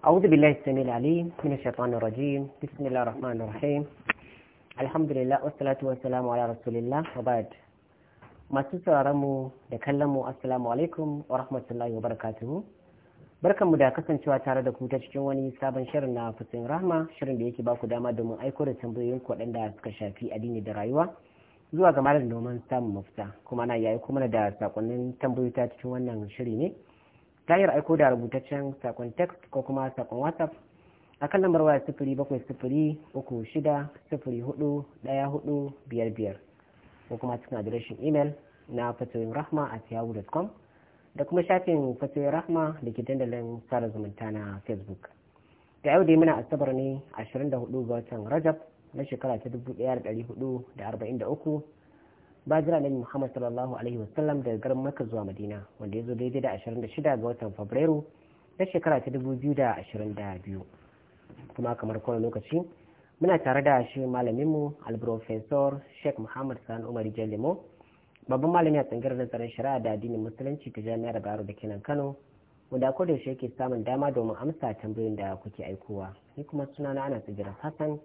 أعوذ بالله السميع العليم من الشيطان الرجيم بسم الله الرحمن الرحيم الحمد لله والصلاة والسلام على رسول الله وبعد masu mu da kallon mu assalamu alaikum wa rahmatullahi wa barakatuhu barkanmu da kasancewa tare da ku ta cikin wani sabon shirin na fusin rahma shirin da yake baku dama domin aiko da tambayoyin ku da suka shafi addini da rayuwa zuwa ga malam domin samun mafita kuma na yayi kuma da sakonnin tambayoyi ta cikin wannan shiri ne ta hanyar aiko da rubutaccen sakon text ko kuma sakon whatsapp a kan lambar waya sifiri bakwai sifiri uku shida sifiri hudu daya hudu biyar biyar ko kuma cikin adireshin imel na fatoyin rahma a yahoo.com da kuma shafin fatoyin rahma da ke dandalin sada zumunta na facebook da yau dai muna asabar ne 24 ga watan rajab na shekara ta 1443 bajira nabi muhammad sallallahu alaihi wasallam daga garin makka zuwa madina wanda ya zo daidai da 26 ga watan fabrairu na shekara ta 2022 kuma kamar kowane lokaci muna tare da shi malaminmu alprofesor sheikh muhammad sani umar jalimo babban malami a tsangar nazarin shari'a da addinin musulunci ta jami'ar baro da kenan kano wanda a shi yake samun dama domin amsa tambayoyin da kuke aikowa ni kuma sunana ana tsibirin hassan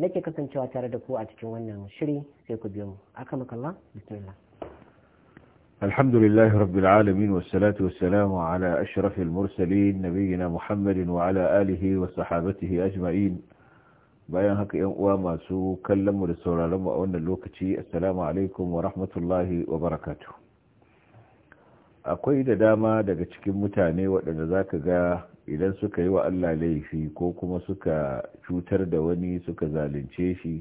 da nake kasancewa tare da ku a cikin wannan shiri sai ku biyo mu aka makalla bismillah الحمد لله رب العالمين والصلاة والسلام على أشرف المرسلين wa محمد alihi wa وصحابته ajma'in bayan haka ‘yan uwa masu kallonmu da sauraronmu a wannan lokaci assalamu alaikum wa rahmatullahi wa barakatu akwai da dama daga cikin mutane waɗanda za ka ga idan suka yi wa Allah laifi ko kuma suka cutar da wani suka zalunce shi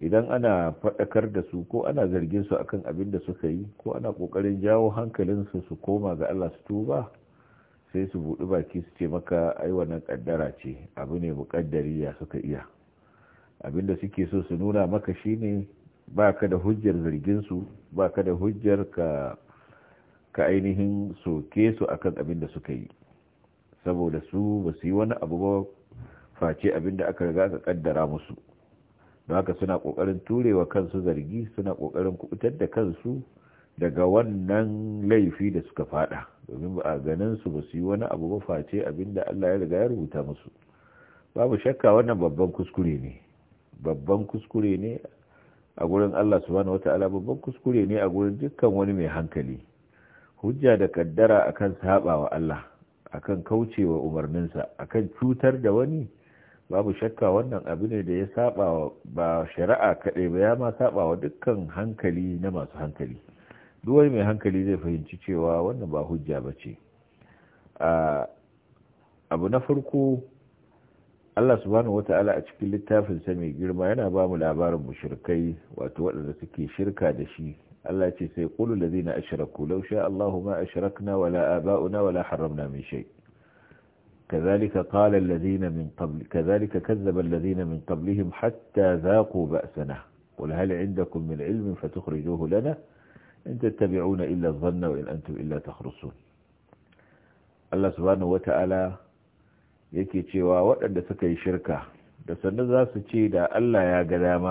idan ana faɗakar da su ko ana zargin su akan abin da suka yi ko ana ƙoƙarin jawo hankalinsu su koma ga Allah su tuba sai su buɗi baki su ce maka ai wannan ƙaddara ce abu ne muƙaddari ya suka iya abin da suke so su nuna maka shine ba ka da hujjar zargin su ba ka da hujjar ka ka ainihin soke su akan abin da suka yi saboda su ba su yi wani abu ba face abin da aka riga aka kaddara musu don haka suna kokarin turewa kansu zargi suna kokarin kubutar da kansu daga wannan laifi da suka fada domin ba a ganin su ba su yi wani abu ba face abin da Allah ya riga ya rubuta musu babu shakka wannan babban kuskure ne babban kuskure ne a gurin Allah subhanahu wata'ala babban kuskure ne a gurin dukkan wani mai hankali hujja da kaddara akan sabawa Allah akan kaucewa umarninsa akan cutar da wani babu shakka wannan abu ne da ya saba ba shari'a kaɗai ba ya ma saba wa dukkan hankali na masu hankali duk wani mai hankali zai fahimci cewa wannan ba hujja ba ce abu na farko Allah subhanahu wata'ala a cikin littafinsa mai girma yana ba mu labarin mushrikai wato waɗanda suke shirka da shi التي سيقول الذين أشركوا لو شاء الله ما أشركنا ولا آباؤنا ولا حرمنا من شيء كذلك قال الذين من قبل كذلك كذب الذين من قبلهم حتى ذاقوا بأسنا قل هل عندكم من علم فتخرجوه لنا إن تتبعون إلا الظن وإن أنتم إلا تخرصون الله سبحانه وتعالى يكي cewa waɗanda suka yi shirka da ألا يا su ce شركا Allah ya ga dama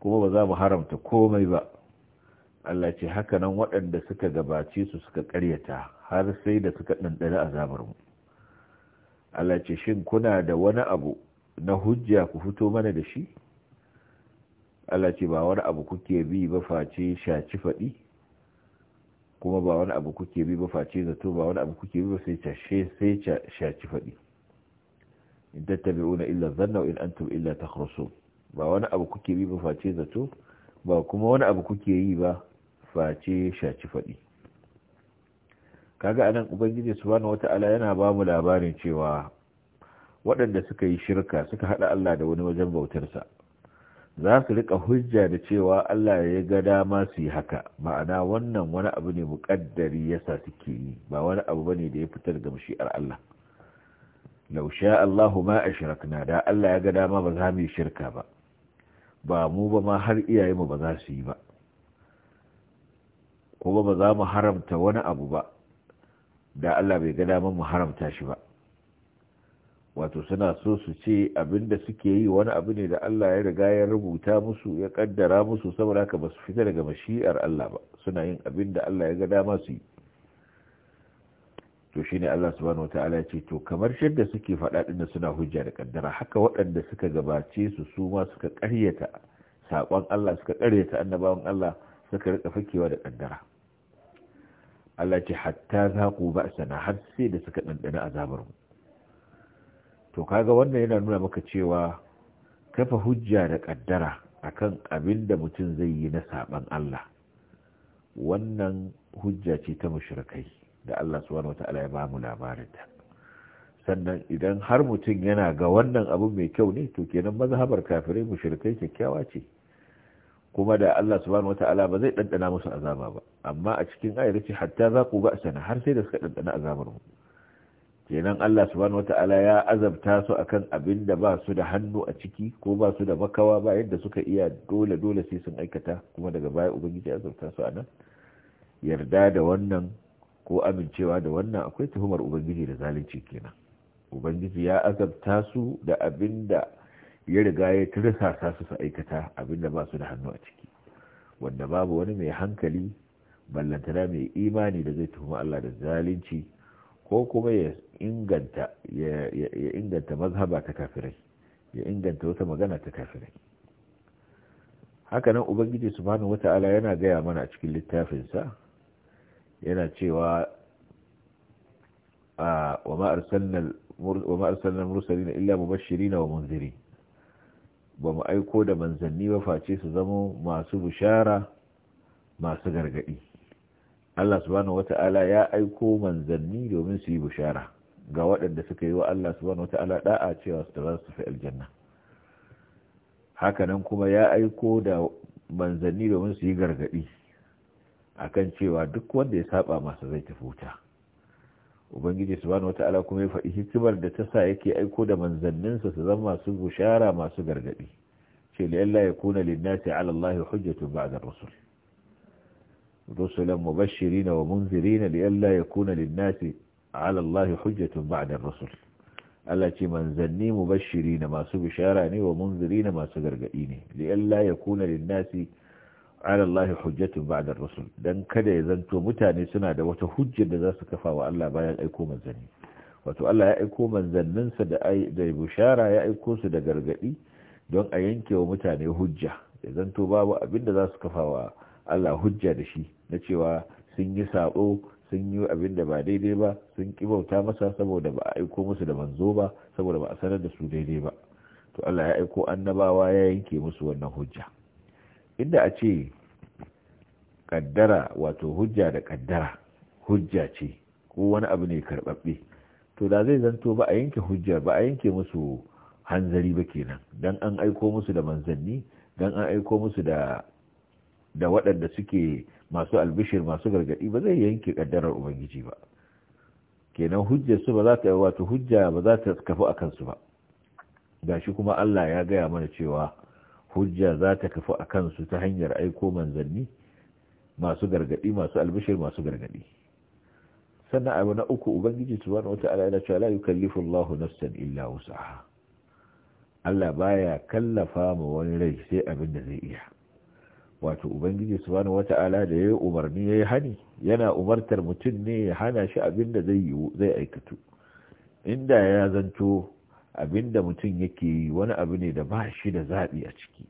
kuma ba za mu haramta komai ba Allah ce haka nan waɗanda suka gabace su suka ƙaryata har sai da suka ɗanɗani azabarmu Allah ce shin kuna da wani abu na hujja ku fito mana da shi Allah ce ba wani abu kuke bi ba face shaci faɗi kuma ba wani abu kuke bi ba face zato ba wani abu kuke bi ba sai cashe sai shaci faɗi in tattabi'una illa zanna in antum illa takhrusun ba wani abu kuke bi ba face zato ba kuma wani abu kuke yi ba face shaci faɗi kaga anan ubangiji subhanahu wata'ala yana ba mu labarin cewa waɗanda suka yi shirka suka haɗa Allah da wani wajen bautarsa za su rika hujja da cewa Allah ya ga dama su yi haka ma'ana wannan wani abu ne muƙaddari yasa suke yi ba wani abu bane da ya fita daga mashi'ar Allah law sha Allahu ma ashrakna da Allah ya ga dama ba za mu yi shirka ba ba mu ba ma har iyayenmu ba za su yi ba kuma ba za mu haramta wani abu ba da Allah bai ga dama mu haramta shi ba wato suna so su ce abin da suke yi wani abu ne da Allah ya riga ya rubuta musu ya kaddara musu saboda haka ba su fita daga mashi'ar Allah ba suna yin abin da Allah ya ga dama su yi to shi ne Allah subhanahu wataala ce to kamar shadda suke faɗa ɗin da suna hujja da kaddara haka waɗanda suka gabace su su ma suka ƙaryata saƙon Allah suka ƙaryata annabawan Allah suka rika fakewa da ƙaddara. Allah ce hatta za ku ba ba'sana har sai da suka ɗanɗana azabar mu to kaga wannan yana nuna maka cewa kafa hujja da ƙaddara, akan abin da mutum zai yi na saban Allah wannan hujja ce ta mushrikai da Allah subhanahu wata'ala ya bamu labarin ta sannan idan har mutum yana ga wannan abu mai kyau ne to kenan mazhabar kafirai mu mushrikai kyakkyawa ce kuma da Allah subhanahu wata'ala ba zai dandana musu azaba ba amma a cikin ayar hatta za ku ba sana har sai da suka dandana azabar mu kenan Allah subhanahu wata'ala ya azabta su akan abin da ba su da hannu a ciki ko ba su da makawa ba yadda suka iya dole dole sai sun aikata kuma daga baya ubangiji ya azabta su anan yarda da wannan ko amincewa da wannan akwai tuhumar ubangiji da zalunci kenan ubangiji ya azabta su da abinda ya riga ya tirsasa su su aikata abinda da ba su da hannu a ciki wanda babu wani mai hankali ballantana mai imani da zai tuhumi Allah da zalunci ko kuma ya inganta ya inganta mazhaba ta kafirai ya inganta wata magana ta kafirai hakanan ubangiji subhanahu wata'ala yana gaya mana a cikin littafinsa yana cewa wa ma mursali na illa na wa munziri ba mu aiko da manzanni ba face su zama masu bishara masu gargadi Allah subhanahu wata'ala ya aiko manzanni domin su yi bishara ga waɗanda suka yi wa Allah subhanahu wata'ala da'a cewa su za su fi aljanna hakanan kuma ya aiko da manzanni domin su yi gargadi akan cewa duk wanda ya saba masa zai tafi wuta ubangiji subhanahu wataala kuma ya faɗi hikimar da ta sa yake aiko da manzanninsa su zama masu bushara masu gargaɗi ce la alla yakuna linnasi 'ala Allahi hujjatun ba'da ar-rusul rusulan mubashirin wa munzirin li alla yakuna linnasi 'ala Allahi hujjatun ba'da ar-rusul Allah ce manzanni mubashirin masu bushara ne wa munzirin masu gargaɗi ne li alla yakuna linnasi alallahi Allah ba da rasul. don kada ya zanto mutane suna da wata hujjar da za su kafa wa Allah bayan aiko manzanni wato Allah ya aiko manzanninsa da da bushara ya aiko su da gargadi don a yanke wa mutane hujja ya zanto babu abin da za su kafa wa Allah hujja da shi na cewa sun yi saɓo sun yi abin da ba daidai ba sun ƙi bauta masa saboda ba a aiko musu da manzo ba saboda ba a sanar da su daidai ba to Allah ya aiko annabawa ya yanke musu wannan hujja inda a ce kaddara wato hujja da kaddara hujja ce ko wani abu ne karbabbe to da zai zanto ba a yanke hujjar ba a yanke musu hanzari ba kenan dan an aiko musu da manzanni dan an aiko musu da da waɗanda suke masu albishir masu gargaɗi ba zai yanke kaddarar ubangiji ba kenan hujjar su ba za ta wato hujja ba za ta kafu a kansu ba gashi kuma Allah ya gaya mana cewa hujja za ta kafa a kansu ta hanyar aiko manzanni masu gargadi masu albishir masu gargadi sannan abu na uku ubangiji subhanahu wata'ala yana cewa la yukallifu Allahu nafsan illa wus'aha Allah baya kallafa ma wani rai sai abin da zai iya wato ubangiji subhanahu wata'ala da yayi umarni yayi hani yana umartar mutum ne ya hana shi abin da zai aikatu inda ya zanto Abin da mutum yake yi wani abu ne da ba shi da zaɓi a ciki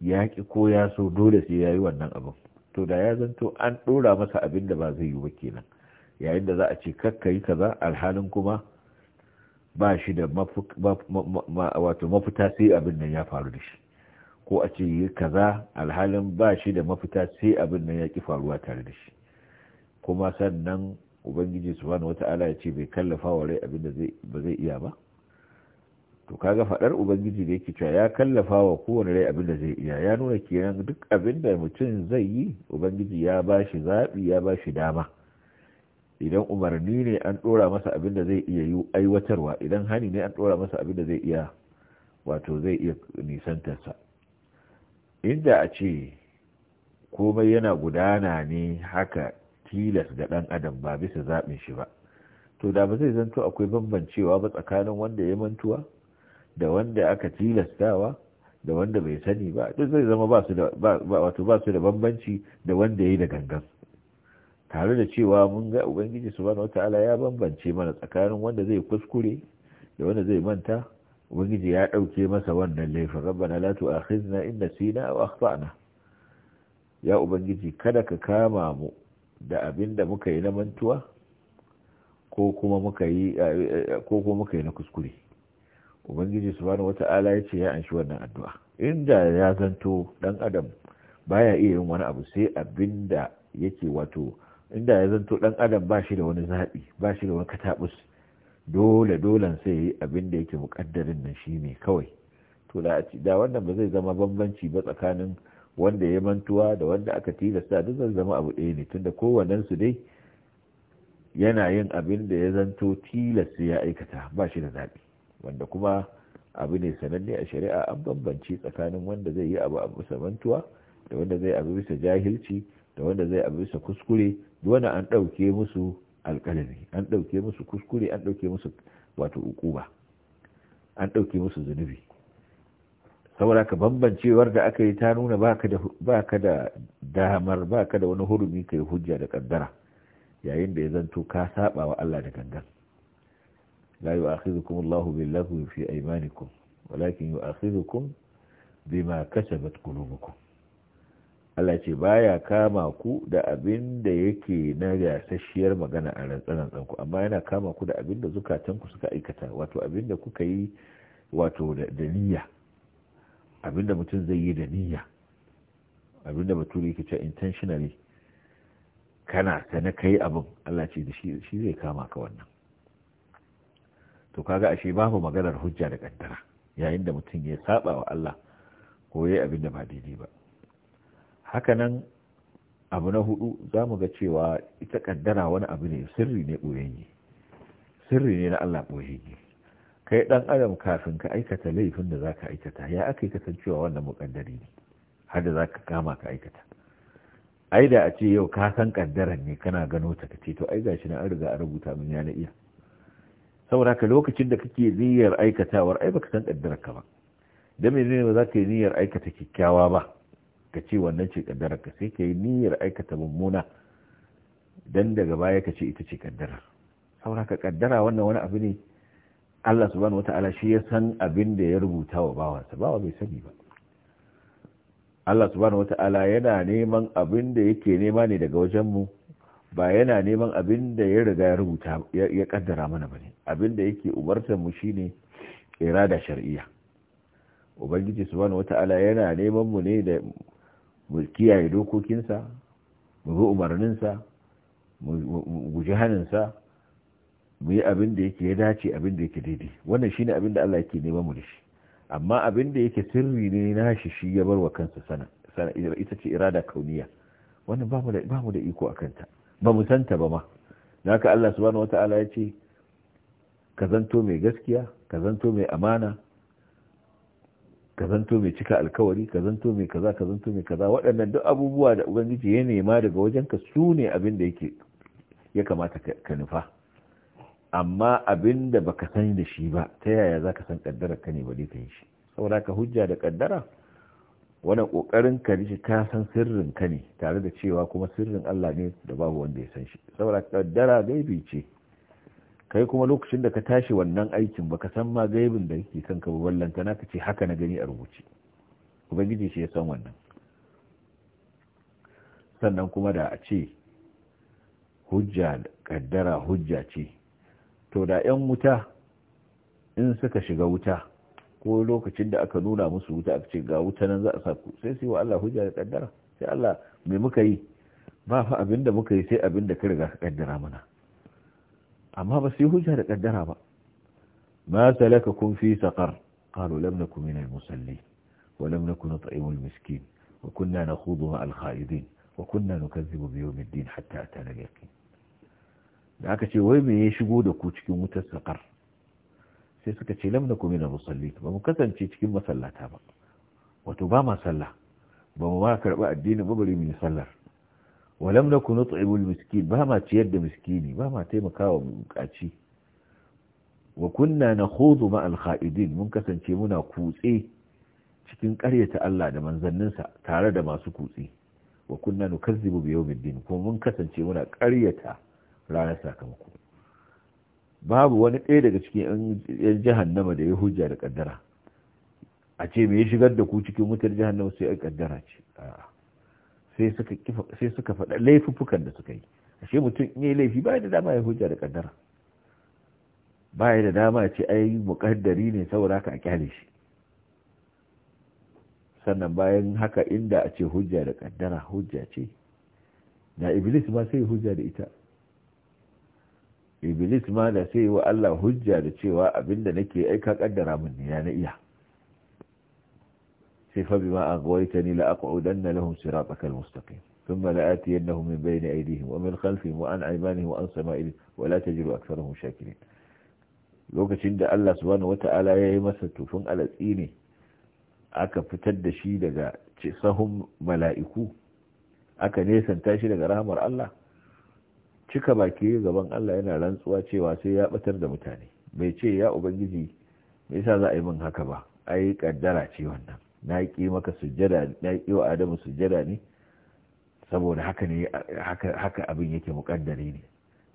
ya ƙi ko ya so dole sai ya yi wannan abin to da ya zanto an ɗora masa abin da ba zai yi ba kenan yayin da za a ce kakka yi kaza alhalin kuma ba shi da wato mafita sai abin nan ya faru da shi ko a ce yi kaza alhalin ba shi da mafita sai abin nan ya ƙi faruwa tare da shi kuma sannan ubangiji subhanahu wata'ala ya ce bai kallafa wa rai abin da ba zai iya ba to kaga faɗar ubangiji da yake cewa ya kallafa wa kowane rai abin da zai iya ya nuna kenan duk abin da mutum zai yi ubangiji ya ba shi zaɓi ya ba shi dama idan umarni ne an ɗora masa abin da zai iya yi aiwatarwa idan hani ne an ɗora masa abin da zai iya wato zai iya nisantarsa inda a ce komai yana gudana ne haka tilas ga ɗan adam ba bisa zaɓin shi ba to da ba zai zanto akwai bambancewa ba tsakanin wanda ya mantuwa da wanda aka tilastawa da wanda bai sani ba duk zai zama ba su da bambanci da wanda yayi da gangan tare da cewa mun ga ubangiji subhanahu wataala ya bambance mana tsakanin wanda zai kuskure da wanda zai manta ubangiji ya dauke masa wannan laifin rabbana la tu'akhizna in nasina aw akhtana ya ubangiji kada ka kama mu da abinda muka yi na mantuwa ko kuma muka yi eh, eh, na kuskure ubangiji wata wata'ala ya ce ya anshi wannan addu'a inda ya zanto dan adam baya iya yin wani abu sai abinda yake wato inda ya zanto ɗan adam ba shi da wani zaɓi ba shi da wani katabus dole dolen sai yi abin da yake mukaddarin nan shi ne kawai to da da wannan ba zai zama bambanci ba tsakanin wanda ya mantuwa da wanda aka tilasta duk zai zama abu ɗaya ne tunda kowannen su dai yana yin abin da ya zanto tilasta ya aikata ba shi da zaɓi wanda kuma abu ne sananne a shari'a an bambanci tsakanin wanda zai yi abu a bisa mantuwa da wanda zai abu bisa jahilci da wanda zai abu bisa kuskure Dole an ɗauke musu alƙalami an ɗauke musu kuskure an ɗauke musu wato ukuba an ɗauke musu zunubi saboda ka bambancewar da aka yi ta nuna ba ka da damar ba ka da wani hurumi ka yi hujja da kaddara yayin da ya zanto ka saba wa Allah da gangan la yu'akhidhukum Allahu billaghwi fi aymanikum walakin yu'akhidhukum bima kasabat qulubukum Allah ce baya kama ku da abin da yake na gasasshiyar magana a rantsan ku amma yana kama ku da abin da zukatanku suka aikata wato abin da kuka yi wato da niyya abin da mutum zai yi da niyya abin da bature yake cewa intentionally kana na kai abin Allah ce da shi zai kama ka wannan to kaga ashe babu maganar hujja da kaddara yayin da mutum ya saba wa Allah ko yayi abin da ba daidai ba hakanan abu na hudu zamu ga cewa ita kaddara wani abu ne sirri ne ɓoyayye sirri ne na Allah ɓoyayye kai ɗan adam kafin ka aikata laifin da zaka ka aikata ya aka aikatan cewa wannan muƙaddari ne har da za kama ka aikata ai da a ce yau ka san kaddaran ne kana gano ta kace to ai gashi na an riga an rubuta min ya na iya saboda ka lokacin da kake niyyar aikatawar ai baka san kaddarar ka ba dan menene ne ba za ka yi niyyar aikata kikkiawa ba ka ce wannan ce kaddarar ka sai ka yi niyyar aikata mummuna dan daga baya ka ce ita ce kaddarar saboda ka kaddara wannan wani abu ne Allah subhanahu wata'ala shi ya san abin da ya rubuta wa bawansa bawa bai sani ba Allah subhanahu wata'ala yana neman abin da yake nema ne daga wajen mu ba yana neman abin da ya riga ya rubuta ya kaddara mana bane abin da yake umartar mu shine irada shar'iyya ubangiji subhanahu wata'ala yana neman mu ne da mu kiyaye dokokinsa mu bi umarninsa mu guji haninsa mu yi abin da yake ya dace abin da yake daidai wannan shine abin da Allah yake neman mu da shi amma abin da yake sirri ne na shi shi ya bar wa kansa sana ita ce irada kauniya wannan ba mu da iko a kanta ba mu santa ba ma naka Allah subhanahu ta'ala ya ce ka zanto mai gaskiya ka zanto mai amana ka zanto mai cika alkawari ka zanto mai kaza ka zanto mai kaza waɗannan duk abubuwa da ubangiji ya nema daga wajen su ne abin da yake ya kamata ka nufa amma abin da baka san da shi ba ta yaya za ka san kaddara ka ne ba ka yi shi saboda ka hujja da ƙaddara. wannan kokarin ka rike ka san sirrin ka ne tare da cewa kuma sirrin Allah ne da babu wanda ya san shi saboda kaddara gaibi ce kai kuma lokacin da ka tashi wannan aikin baka san ma gaibin da yake kanka ba wallanta na ka ce haka na gani a rubuce ubangiji shi ya san wannan sannan kuma da a ce hujja kaddara hujja ce to da 'yan wuta in suka shiga wuta ko lokacin da aka nuna musu wuta a ce ga wuta nan za a saku sai sai wa Allah hujja da kaddara sai Allah me muka yi ba fa abin da muka yi sai abin da ka riga ka kaddara mana amma ba sai hujja da kaddara ba ma salaka kun fi saqar qalu lam nakum min al musalli wa lam nakum nut'imu al-miskin wa kunna nakhudhu ma al-khaidin wa kunna nukazzibu bi yawm ad-din hatta atana al-yaqin da aka ce wai me ya shigo da ku cikin wutar saqar sai suka ce lam nakum minal musallin ba mu kasance cikin masallata ba wato ba ma sallah ba mu ma karba addinin ba bari mu yi sallar wa lam nakum nut'imul miskin ba ma ciyar da miskini ba ma taimakawa bukaci wa kunna nakhudu ma al-kha'idin mun kasance muna kutse cikin ƙaryata Allah da manzanninsa tare da masu kutse wa kunna nukazzibu bi yawmiddin kuma mun kasance muna ƙaryata ranar sakamako babu wani ɗaya daga cikin yan jahannama da ya hujja da ƙaddara a ce me ya shigar da ku cikin wutar jahannama sai ai ƙaddara ce sai suka sai suka faɗa laifuffukan da suka yi ashe mutum in yi laifi ba da dama ya hujja da ƙaddara ba da dama ce ai muƙaddari ne saboda haka a kyale shi sannan bayan haka inda a ce hujja da ƙaddara hujja ce da iblis ma sai hujja da ita iblis ma da sai wa Allah hujja da cewa abinda nake aika kaddara min ya na iya sai fa bima aghwaytani la aq'udanna lahum siratakal mustaqim thumma la atiyannahum min bayni aydihim wa min khalfihim wa an aymanihim wa an sama'ihim wa la tajidu aktharahum shakirin lokacin da Allah subhanahu wata'ala ya yi masa tufin alatsi ne aka fitar da shi daga sahun mala'iku aka nesanta shi daga rahamar Allah cika baki gaban Allah yana rantsuwa cewa sai ya batar da mutane bai ce ya ubangiji me yasa za a yi min haka ba ai kaddara ce wannan na ki maka sujjada na ki wa Adamu sujjada ne saboda haka ne haka abin yake mukaddari ne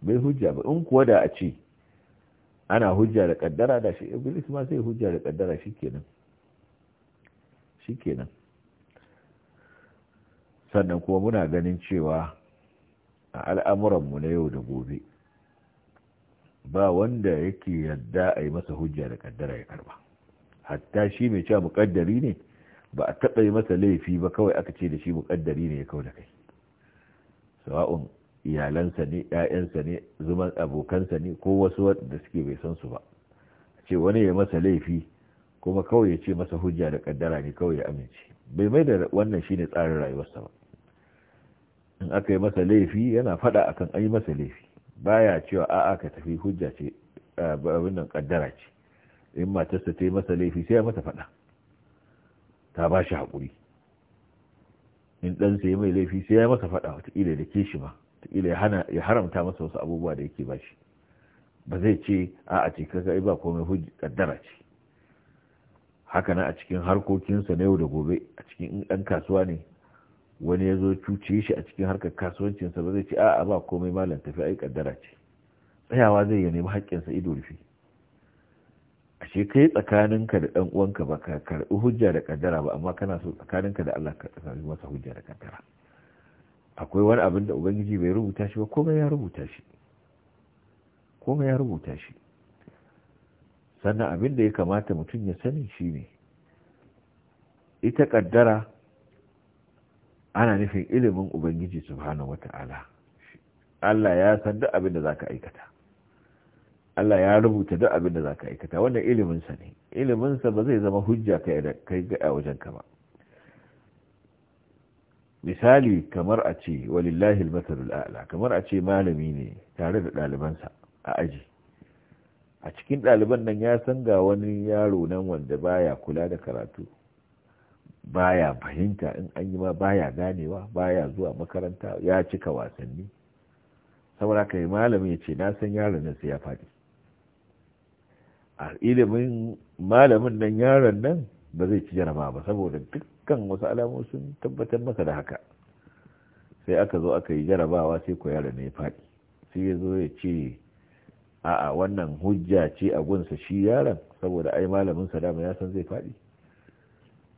bai hujja ba in kuwa da a ce ana hujja da kaddara da shi iblis ma sai hujja da kaddara shikenan shikenan sannan kuma muna ganin cewa a al'amuranmu na yau da gobe ba wanda yake yadda a yi masa hujja da kaddara ya karba hatta shi mai cewa muƙaddari ne ba a taɓa yi masa laifi ba kawai aka ce da shi muƙaddari ne ya kawo da kai sawa'un iyalansa ne ‘ya'yansa ne zuman abokansa ne ko wasu waɗanda suke bai san su ba A ce wani ya masa laifi kuma kawai ya ce masa hujja da kaddara ne kawai ya amince bai mai da wannan ne tsarin rayuwarsa ba in aka yi masa laifi yana faɗa akan an masa laifi baya cewa a'a ka tafi hujja ce abin nan kaddara ce in matarsa ta yi masa laifi sai ya mata faɗa ta ba shi haƙuri in ɗansa ya mai laifi sai ya masa faɗa wataƙila da ke shi ma wataƙila ya haramta masa wasu abubuwa da yake ba shi ba zai ce a'a ce kaga ba komai hujja kaddara ce haka na a cikin harkokinsa na yau da gobe a cikin ɗan kasuwa ne wani ya zo cuce shi a cikin harkar kasuwancinsa ba zai ce a'a ba komai malam tafi ai kaddara ce tsayawa zai ya nemi haƙƙinsa ido rufe ashe kai tsakaninka da ɗan uwanka ba ka karɓi hujja da kaddara ba amma kana so tsakaninka da Allah ka karɓi masa hujja da kaddara akwai wani abin da ubangiji bai rubuta shi ba komai ya rubuta shi komai ya rubuta shi sannan abin da ya kamata mutum ya sani shine ita kaddara ana nufin ilimin ubangiji subhanahu wata'ala Allah ya san duk abin da zaka aikata Allah ya rubuta duk abin da zaka aikata wannan ilimin sa ne ilimin sa ba zai zama hujja kai da kai ga wajen ka ba misali kamar a ce walillahi al a'la kamar a ce malami ne tare da ɗalibansa a aji a cikin ɗaliban nan ya san ga wani yaro nan wanda baya kula da karatu baya fahimta in an yi ma baya ganewa baya zuwa makaranta ya cika wasanni saboda kai malami ya ce na san yaron nan sai ya faɗi a ilimin malamin nan yaron nan ba zai ci jarama ba saboda dukkan wasu alamu sun tabbatar masa da haka sai aka zo aka yi jarabawa sai ko yaron ne ya faɗi sai ya zo ya ce a'a wannan hujja ce a gunsa shi yaron saboda ai malamin sa dama ya san zai faɗi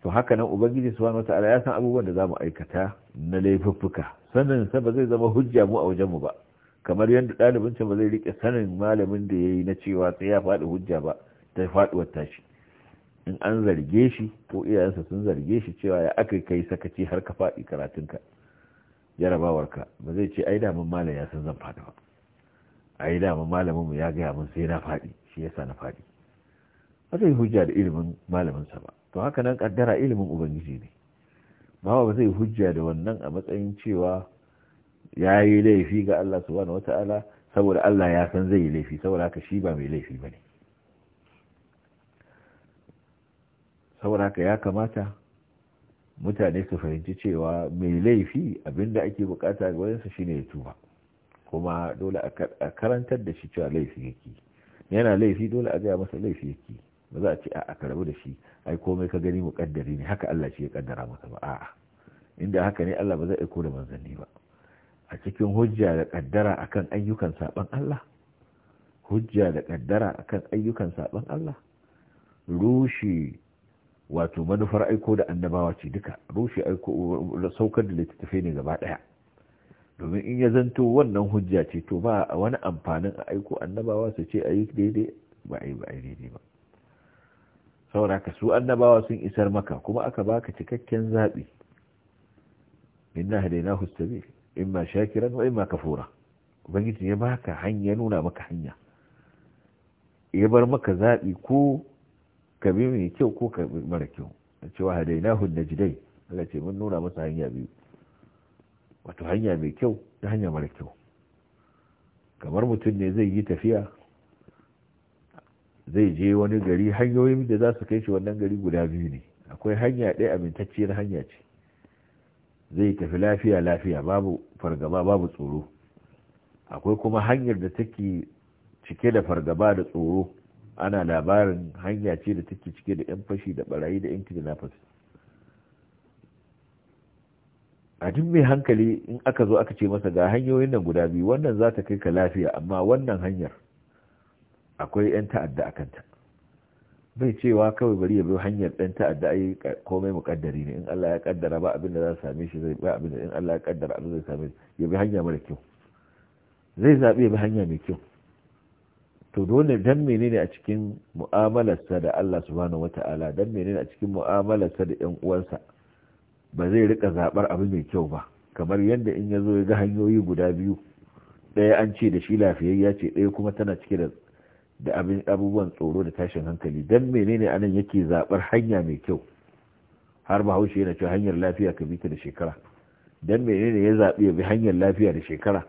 to haka nan ubangiji subhanahu wata'ala ya san abubuwan da za mu aikata na laifuffuka Sannan sa ba zai zama hujja mu a wajen mu ba kamar yadda ɗalibin can ba zai rike sanin malamin da yayi na cewa sai ya faɗi hujja ba ta faɗuwar tashi in an zarge shi ko iyayensa sun zarge shi cewa ya aka kai sakaci har ka faɗi karatunka jarabawarka ba zai ce ai mun malam ya san zan faɗi ba ai mun malamin mu ya gaya mun sai na faɗi shi yasa na faɗi ba zai hujja da ilimin malamin sa ba to haka nan kaddara ilimin ubangiji ne bawa ba zai hujja da wannan a matsayin cewa ya yi laifi ga Allah subhanahu wata'ala saboda Allah ya san zai yi laifi saboda haka shi ba mai laifi bane saboda haka ya kamata mutane su fahimci cewa mai laifi abinda ake bukata wajensa shine ya tuba kuma dole a karantar da shi cewa laifi yake yana laifi dole a gaya masa laifi yake ba za a ce a ka rabu da shi ai komai ka gani mu kaddari ne haka Allah shi ya kaddara masa ba a'a inda haka ne Allah ba zai aiko da manzanni ba a cikin hujja da kaddara akan ayyukan saban Allah hujja da kaddara akan ayyukan saban Allah rushe wato manufar aiko da annabawa ce duka rushi aiko da saukar da littattafai ne gaba daya domin in ya zanto wannan hujja ce to ba wani amfanin aiko annabawa su ce ayi daidai ba ai ba daidai ba saboda ka su annabawa sun isar maka kuma aka baka cikakken zaɓi inna Hadaina hustabi imma shakiran wa imma kafura ubangiji ya baka hanya nuna maka hanya ya bar maka zaɓi ko ka bi mai kyau ko ka bi mara kyau a cewa hadainahu najdai Allah ce mun nuna masa hanya biyu wato hanya mai kyau da hanya mara kyau kamar mutum ne zai yi tafiya zai je wani gari hanyoyin da za su kai shi wannan gari guda biyu ne akwai hanya ɗaya amintacciyar hanya ce zai tafi lafiya lafiya babu fargaba babu tsoro akwai kuma hanyar da take cike da fargaba da tsoro ana labarin hanya ce da take cike da 'yan fashi da barayi da 'yan kidnappers a duk mai hankali in aka zo aka ce masa ga hanyoyin nan guda biyu wannan za ta kai ka lafiya amma wannan hanyar akwai 'yan ta'adda a kanta bai cewa kawai bari ya bi hanyar ɗan ta'adda yi komai mukaddari ne in Allah ya kaddara ba abin da za su same shi zai ba abin in Allah ya kaddara abin zai same shi ya bi hanya mara kyau zai zaɓi ya bi hanya mai kyau to dole dan menene a cikin mu'amalarsa da Allah subhanahu wata'ala dan menene a cikin mu'amalarsa da ƴan uwansa ba zai rika zaɓar abu mai kyau ba kamar yadda in ya zo ya ga hanyoyi guda biyu ɗaya an ce da shi lafiyayya ce ɗaya kuma tana cike da da abubuwan tsoro da tashin hankali don menene anan yake zaɓar hanya mai kyau har bahaushe yana cewa hanyar lafiya ka bita da shekara don menene ya zaɓi ya bi hanyar lafiya da shekara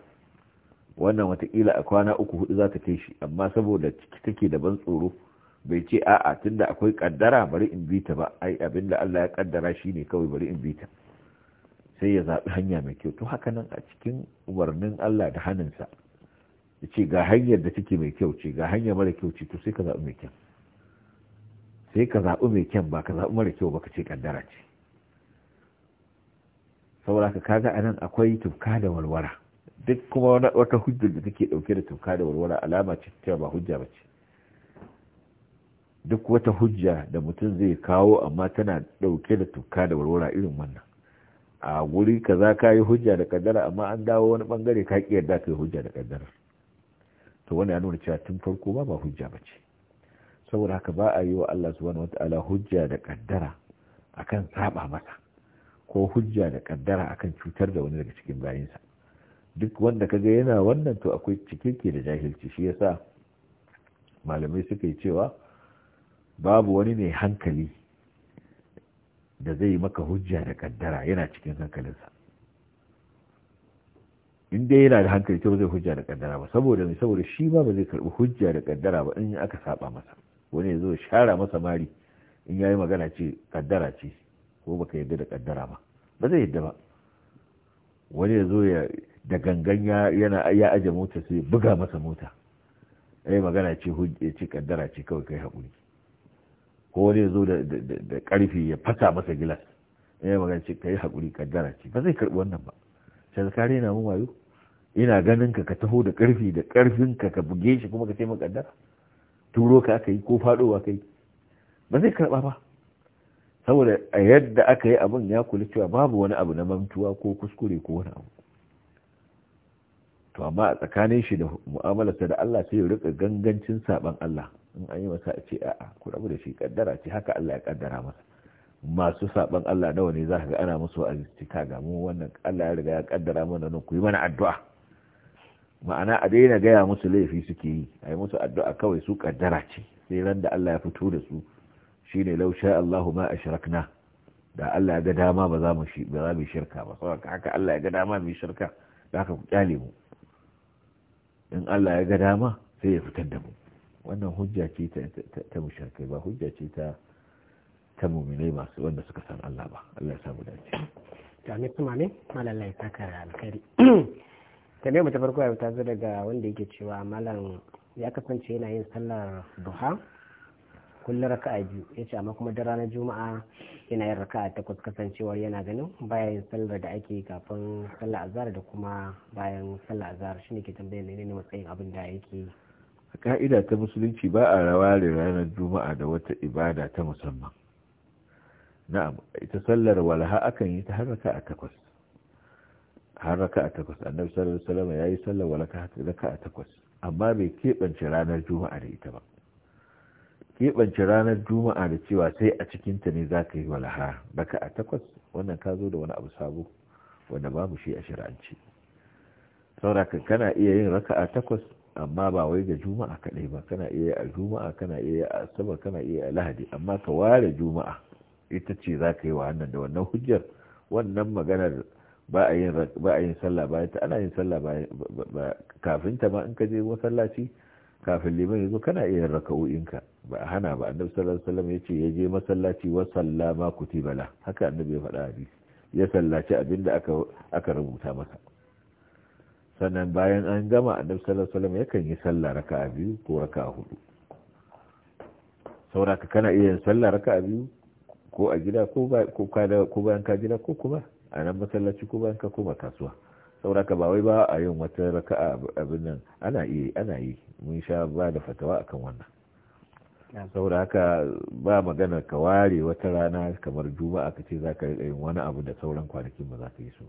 wannan watakila a kwana uku hudu za ta kai shi amma saboda ciki take da ban tsoro bai ce a'a tunda akwai kaddara bari in bi ta ba ai abin da Allah ya kaddara shine kawai bari in bi ta sai ya zaɓi hanya mai kyau to haka nan a cikin umarnin Allah da hannunsa ya ce ga hanyar da take mai kyau ce ga hanyar mara kyau ce to sai ka zaɓi mai kyau sai ka zaɓi mai kyan ba ka zaɓi mara kyau ba ka ce kaddara ce saboda ka kaga a nan akwai tufka da walwara duk kuma wata hujjar da take ɗauke da tufka da walwara alama ce cewa ba hujja ba ce duk wata hujja da mutum zai kawo amma tana ɗauke da tufka da walwara irin wannan a wuri kaza ka yi hujja da kaddara amma an dawo wani bangare ka ƙi yarda ka yi hujja da kaddara to wannan ya nuna cewa tun farko ba ba hujja ba ce, saboda haka ba a yi wa Allah subhanahu ta'ala hujja da kaddara akan saba masa ko hujja da kaddara akan cutar da wani daga cikin bayinsa duk wanda kaga yana wannan to akwai cikeke da jahilci shi yasa malamai suka yi cewa babu wani mai hankali da zai maka hujja da kaddara yana cikin hankalinsa in dai yana da hankali to ba zai hujja da kaddara ba saboda mai saboda shi ma ba zai karbi hujja da kaddara ba in aka saba masa wani ya zo shara masa mari in yayi magana ce kaddara ce ko baka yarda da kaddara ba ba zai yarda ba wani ya zo ya da gangan yana ya aje mota sai buga masa mota ai magana ce hujja ce kaddara ce kawai kai hakuri ko wani ya zo da karfi ya fasa masa gilas ai magana ce kai hakuri kaddara ce ba zai karbi wannan ba sai ka mu wayo ina ganin ka ka taho da ƙarfi da ƙarfin ka ka buge shi kuma ka ce makaddara turo ka aka yi ko faɗowa ka ba zai karɓa ba saboda a yadda aka yi abin ya kuli cewa babu wani abu na mantuwa ko kuskure ko wani abu to amma a tsakanin shi da ta da Allah sai ya rika gangancin saban Allah in an yi masa a ce a'a ku rabu da shi kaddara ce haka Allah ya kaddara masa masu saban Allah nawa ne za ka ga ana musu a ga mu wannan Allah ya riga ya kaddara mana nan ku yi mana addu'a ma'ana a daina gaya musu laifi suke yi a yi musu addu'a kawai su kaddara ce sai ran da Allah ya fito da su shine sha Allahu ma ashrakna da Allah ya ga dama ba za mu shi ba za mu shirka ba saboda haka Allah ya ga dama mu shirka da haka ku kyale mu in Allah ya ga dama sai ya fitar da mu wannan hujja ce ta ta mushrikai ba hujja ce ta ta mu'minai masu wanda suka san Allah ba Allah ya samu dace ta ne kuma ne malalai ya saka alkhairi tambayar mu ta farko yau ta zo daga wanda yake cewa malam ya kasance yana yin sallar duha kullum raka'a biyu ya ce amma kuma da ranar juma'a yana yin raka raka'a takwas kasancewar yana ganin baya yin sallar da ake kafin sallar azhar da kuma bayan sallar azhar shine ke tambayar menene matsayin abin da yake a ka'ida ta musulunci ba a raware ranar juma'a da wata ibada ta musamman na'am ita sallar walha akan yi ta har a takwas har raka a takwas annabi sallallahu alaihi wasallam yayi sallar wa raka a takwas amma bai keɓance ranar juma'a da ita ba keɓance ranar juma'a da cewa sai a cikin ta ne zaka ka yi walaha raka a takwas wannan ka zo da wani abu sabo wanda babu shi a shari'anci sauraka kana iya yin raka a takwas amma ba wai da juma'a kadai ba kana iya a juma'a kana iya a asabar kana iya a lahadi amma ka ware juma'a ita ce za ka yi wa wannan da wannan hujjar wannan maganar ba a yin sallah bayan ta ana yin sallah kafin ta ma in ka je masallaci kafin liman yazo kana iya raka'o'inka ba a hana ba annabi sallallahu alaihi wasallam yace ya je masallaci wa salla ma kutibala haka annabi ya faɗa hadisi ya sallaci abinda aka aka rubuta masa sannan bayan an gama annabi sallallahu alaihi wasallam yakan yi sallah raka'a biyu ko raka'a hudu saboda kana iya yin sallah raka'a biyu ko a gida ko bayan ka gida ko kuma a nan masallaci kuma in ka koma kasuwa saboda ka ba wai ba a yin wata raka'a abin nan ana yi ana yi mun sha ba da fatawa akan wannan saboda haka ba magana ka ware wata rana kamar juma'a ka ce zaka riƙa yin wani abu da sauran kwanakin ba za ka yi su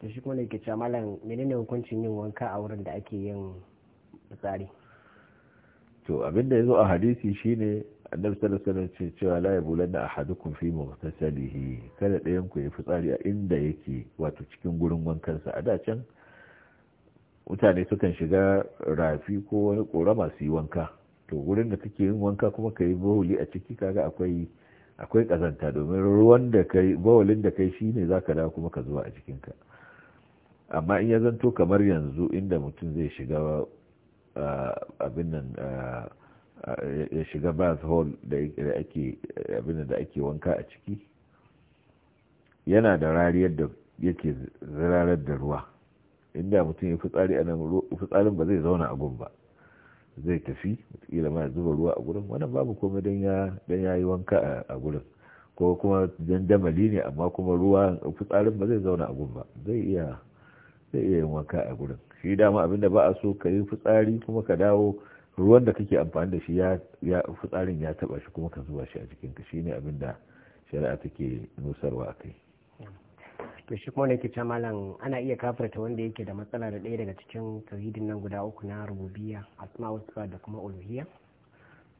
to shi kuma ne ke cewa malam menene hukuncin yin wanka a wurin da ake yin tsari to abin da ya zo a hadisi shine annabi sallallahu alaihi wasallam cewa la yabulanna ahadukum fi mughtasalihi kada ɗayan ku ya fitsari a inda yake wato cikin gurin sa a da can mutane sukan shiga rafi ko wani kora masu yi wanka to gurin da kake yin wanka kuma ka yi bawuli a ciki kaga akwai akwai kazanta domin ruwan da kai bawulin da kai shine zaka dawo kuma ka zuwa a ka amma in ya zanto kamar yanzu inda mutum zai shiga ah, abin nan ah, ya shiga bath hall da ake abin da ake wanka a ciki yana da rariyar da yake zirarar da ruwa inda mutum ya fitsari a nan fitsarin ba zai zauna a gun ba zai tafi wataƙila ma zuba ruwa a gurin wannan babu komai don ya dan yayi yi wanka a gurin ko kuma dan damali ne amma kuma ruwa fitsarin ba zai zauna a gun ba zai iya zai iya yin wanka a gurin shi dama abinda ba a so ka yi fitsari kuma ka dawo ruwan da kake amfani da shi ya fitsarin ya taba shi kuma ka zuba shi a jikinka ne abin da shari'a take nusarwa a kai to shi kuma yake ce malam ana iya kafarta wanda yake da matsala da ɗaya daga cikin tauhidin nan guda uku na rububiyya asma wasfa da kuma uluhiyya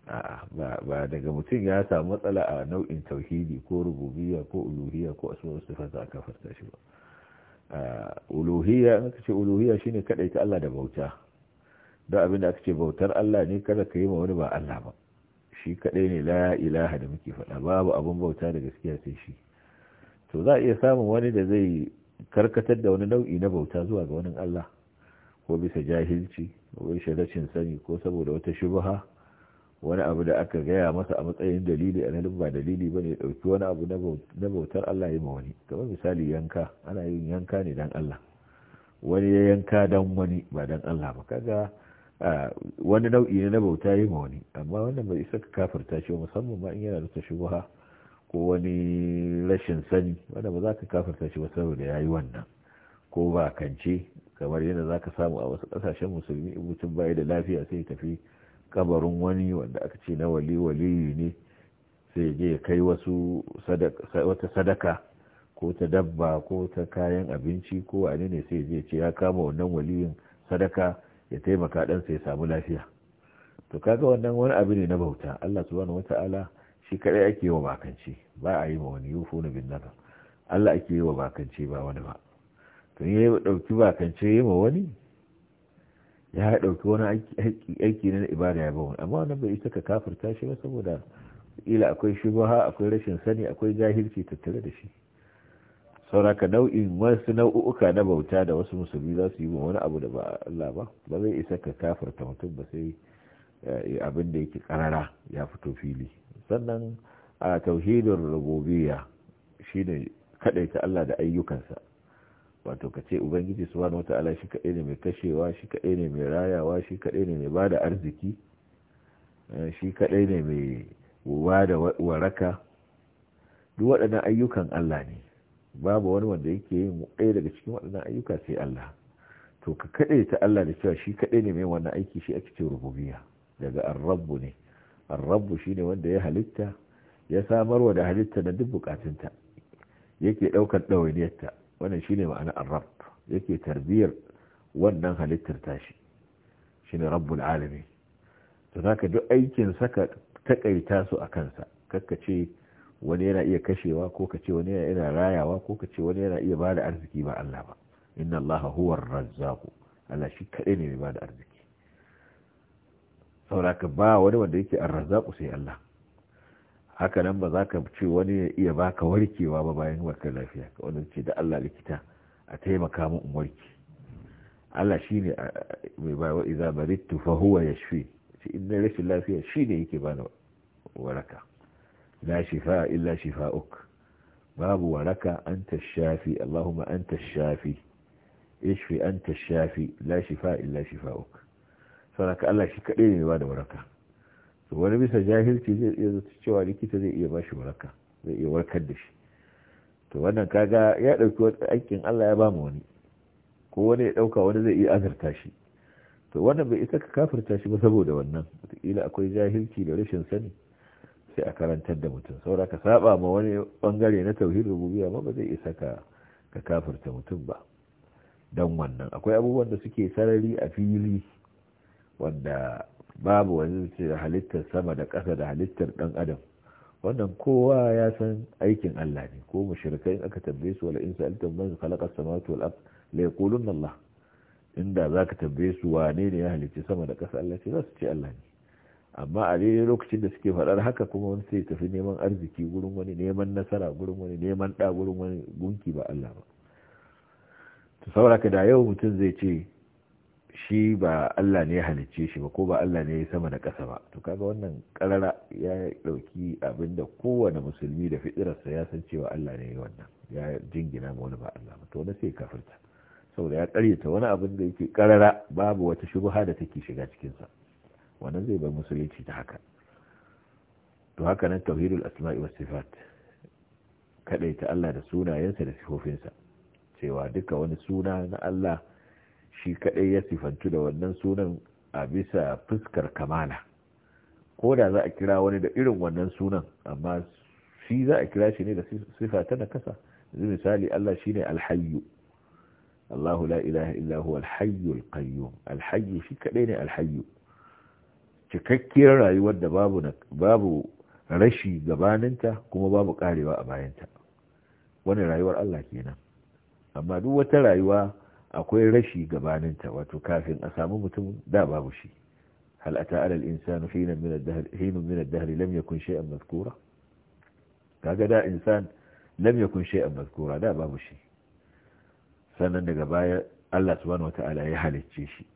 a'a ba daga mutum ya samu matsala a nau'in tauhidi ko rububiyya ko uluhiyya ko asma wasfa za a kafarta shi ba uluhiyya in ka ce uluhiyya shine kadai ta Allah da bauta don abin da aka ce bautar Allah ne kada ka yi ma wani ba Allah ba shi kaɗai ne la ilaha da muke faɗa babu abin bauta da gaskiya sai shi to za a iya samun wani da zai karkatar da wani nau'i na bauta zuwa ga wani Allah ko bisa jahilci ko bisa rashin sani ko saboda wata shubha wani abu da aka gaya masa a matsayin dalili a nan ba dalili ba ne ɗauki wani abu na bautar Allah ya ma wani kamar misali yanka ana yin yanka ne dan Allah wani ya yanka dan wani ba dan Allah ba kaga wani nau'i ne na bauta yi ma wani amma wannan bai isa ka kafarta shi musamman ma in yana da shubuha ko wani rashin sani wanda ba za ka kafarta shi ba saboda yayi wannan ko ba kance kamar yadda za ka samu a wasu kasashen musulmi in mutum bai da lafiya sai ya tafi kabarin wani wanda aka ce na wali waliyu ne sai je ya kai wasu wata sadaka ko ta dabba ko ta kayan abinci ko wani ne sai je ya kama wannan waliyin sadaka ya taimaka ɗansa ya samu lafiya to kaga wannan wani abu ne na bauta Allah subhanahu wata'ala shi kadai ake yi wa bakanci ba a yi ma wani yufu na bin nazar Allah ake yi wa bakanci ba wani ba to ya dauki ya yi ma wani ya ɗauki wani aiki na ibada ya ba wani amma wannan bai ita ka kafirta shi ba saboda ila akwai shubaha akwai rashin sani akwai jahilci tattare da shi sauraka nau'in wasu nau'uka na bauta da wasu musulmi za su yi wa wani abu da ba Allah ba ba zai isa ka kafarta mutum ba sai eh, abin da yake karara ya fito fili sannan a tauhidin rububiyya shine ta Allah da ayyukansa wato ka ce ubangiji subhanahu wata'ala shi kadai ne mai kashewa shi kadai ne mai rayawa shi kadai ne mai bada arziki shi kadai ne mai ba da eh, waraka duk waɗannan ayyukan Allah ne babu wani wanda yake yin ɗaya daga cikin waɗannan ayyuka sai Allah to ka kaɗe ta Allah da cewa shi kaɗai ne mai wannan aiki shi ake ce rububiyya daga arrabu ne arrabu shi ne wanda ya halitta ya samarwa da halitta na duk bukatunta yake ɗaukar ɗawainiyarta wannan shine ne ma'ana arrab yake tarbiyyar wannan halittar tashi shi ne rabbul alami to zaka duk aikin saka takaita su a kansa kakka ce wani yana iya kashewa ko ka ce wani yana rayawa ko ka ce wani yana iya bada arziki ba Allah ba inna Allah huwa razzaqu Allah shi kadai ne mai bada arziki sauraka ba wani wanda yake arrazzaqu sai Allah haka nan ba za ka ce wani ya iya baka warkewa ba bayan warkar lafiya ka wani ce da Allah likita a taimaka mu in warke Allah shi ne mai ba wa iza baritu fa huwa yashfi shi inna rashin lafiya shi ne yake bani waraka la shifa illa shifa'uk babu waraka anta shafi allahumma anta shafi ishfi anta shafi la shifa illa shifa'uk saraka Allah shi kadai ne ba da waraka wani bisa jahilci zai iya zata cewa likita zai iya bashi waraka zai iya warkar da shi to wannan kaga ya ɗauki wani aikin Allah ya ba mu wani ko wani ya ɗauka wani zai iya azarta shi to wannan bai isa ka kafirta shi ba saboda wannan wataƙila akwai jahilci da rashin sani sai a karantar da mutum saboda ka saba ma wani bangare na tauhid rububiyya ma ba zai isa ka ka kafirta mutum ba don wannan akwai abubuwan da suke sarari a fili wanda babu wani halittar sama da ƙasa da halittar dan adam wannan kowa ya san aikin Allah ne ko mushrikai aka tambaye su wala in sa'altum man khalaqa samawati wal ard la yaquluna Allah inda zaka tambaye su wane ne ya halicci sama da ƙasa Allah ce za su ce Allah ne amma a daidai lokacin da suke faɗar haka kuma wani sai tafi neman arziki gurin wani neman nasara gurin wani neman ɗa gurin wani gunki ba Allah ba to sauraka da yau mutum zai ce shi ba Allah ne ya halicce shi ba ko ba Allah ne ya sama da ƙasa ba to kaga wannan karara ya ɗauki abin kowane musulmi da fitirarsa ya san cewa Allah ne ya wannan ya jingina ma wani ba Allah ba to wani sai kafirta saboda ya ƙaryata wani abin da yake karara babu wata shubha da take shiga cikinsa. sa wannan zai bar musulunci ta haka to haka nan tauhidul asma'i was sifat ta Allah da sunayensa da sifofinsa cewa duka wani suna na Allah shi kadai ya sifantu da wannan sunan a bisa fuskar kamala ko da za a kira wani da irin wannan sunan amma shi za a kira shi ne da sifa ta nakasa yanzu misali Allah shine alhayyu Allahu la ilaha illa huwa alhayyul qayyum alhayyu shi kadai ne alhayyu cikakkiyar rayuwar da babu rashi gabaninta kuma babu karewa a bayanta wani rayuwar Allah kenan amma duk wata rayuwa akwai rashi gabaninta wato kafin a samu mutum da babu shi hal ata alal insanu hina min ad-dahr hina min ad-dahr lam yakun shay'an madhkura kaga da insan lam yakun shay'an madhkura da babu shi sannan daga baya Allah subhanahu wata'ala ya halicce shi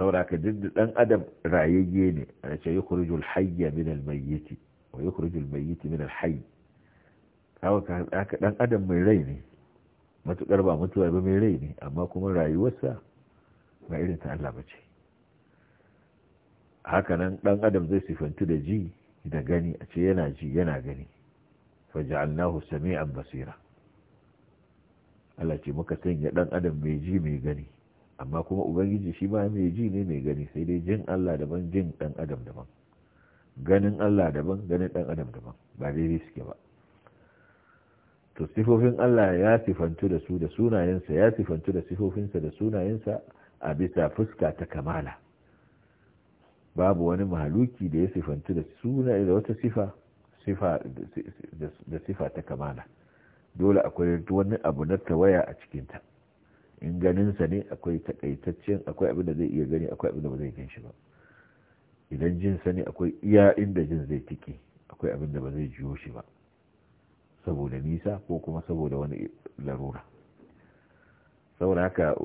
saboda ka da dan adam rayayye ne ana ce yukhrijul hayya min al mayyit wa yukhrijul mayyit min al hayy dan adam mai rai ne matukar ba mutuwa ba mai rai ne amma kuma rayuwarsa ba irin ta Allah ba ce haka nan dan adam zai sifantu da ji da gani a ce yana ji yana gani ja'alnahu sami'an basira Allah ce muka sanya dan adam mai ji mai gani amma kuma ubangiji shi ba mai ji ne mai gani sai dai jin Allah daban jin dan adam daban ganin Allah daban ganin dan adam daban ba daidai suke ba to sifofin Allah ya sifantu da su da sunayensa ya sifantu da sifofinsa da sunayensa a bisa fuska ta kamala babu wani mahaluki da ya sifantu da suna da wata sifa sifa da sifa ta kamala dole akwai wani abu na tawaya a cikinta in ganinsa ne akwai takaitaccen akwai abin da zai iya gani akwai abin da ba zai ganshi ba idan jinsa ne akwai iya inda jin zai tiki akwai abin da ba zai jiyo shi ba saboda nisa ko kuma saboda wani larura saboda haka